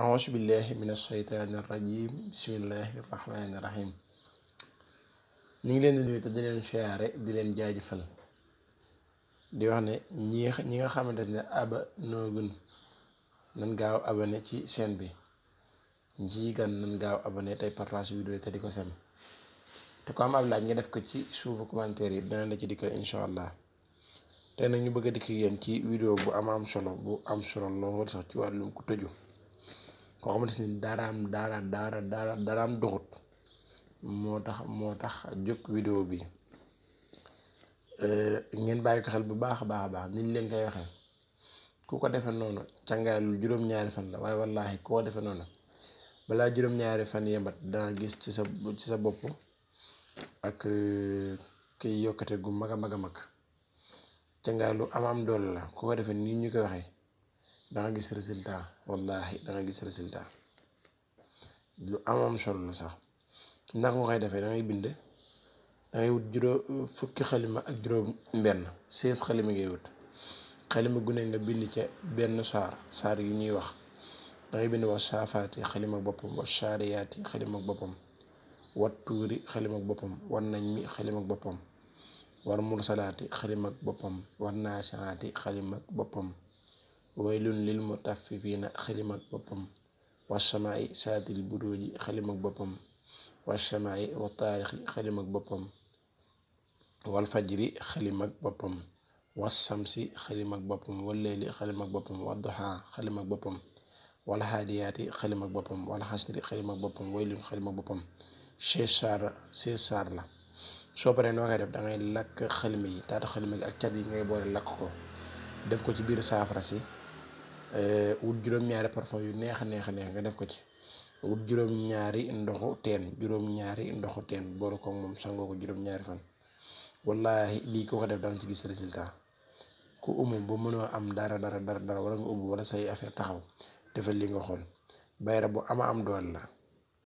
auzu billahi min asheytaani irrajim bismillahi irrahmani irrahim ñu ngi leen di nuyu te di leen jaajëfal di wax ñi nga xamante ne aba noogun nan gaaw abonné ci chaîne bi ñi gan nan gaaw abonné tey partage vidéo te di ko sem te ko am ab laaj nga def ko ci suufu commentaire yi dana la ci dikka incha allah te nag ñu bëgg a dikk yéen ci vidéo bu am am solo bu am solo lool sax ci wàllum ku tëju koo xamante ni daraam dara dara dara daram duxut moo tax juk video bi eh, ngeen bàyyi ko xel bu baax a baax a baax niñ leen koy waxee ku ko defee noonu càngaay lu juróom-ñaari fan la waaye wallaahi ku ko defee noonu balaa juróom-ñaari fan yembat dana gis ci sa ci sa bopp ak eh, kiy yokkate gu maga maga mag lu am am la ku ko defee nii ñu koy da nga gis résultat wallahi da nga gis résultat lu amam solo la sax ndax nga koy defee da ngay bind da ngay wut juróom fukki xalima ak juróom benn seize xalima ngay wut xalima gu ne nga bind ca benn saar saar yu ñuy wax da ngay bind wax saafaati xalima ak boppam wax saariyaati xalima ak boppam wat tuuri xalima ak boppam war nañ mi xalima ak boppam war mursalaati xalima ak boppam war naasiaati xalima ak boppam waylun lil mutaffifiina xalim ak boppam wasamaay saadil buruuji xalim ak boppam wasamaay wa taarixi xalim ak boppam wal fajri xalim ak boppam wasamsi xalim ak boppam walleeli xalim ak boppam wadduhaa xalim ak boppam wal haadiyaati xalim ak boppam wal xasri xalim ak boppam waylun xalim ak boppam sesaar sesaar la soo paree noo koy def dangay lakk xalima yi taata xalima gi ak cat yi ngay boole lakk ko def ko ci biir saafara si Eh, wut juróom-ñaari parfum yu neex a neex a neex nga def ko ci wut juróom-ñaari ndoxu teen juróom-ñaari ndoxu teen boole ko moom sangoo ko juróom-ñaari fan wallahi lii ko ko def danga ci gis résultat ku umu ba mënoo am dara dara dara dara wala nga ubbi wala say affaire taxaw defal li nga xool bayra bu ama am doole la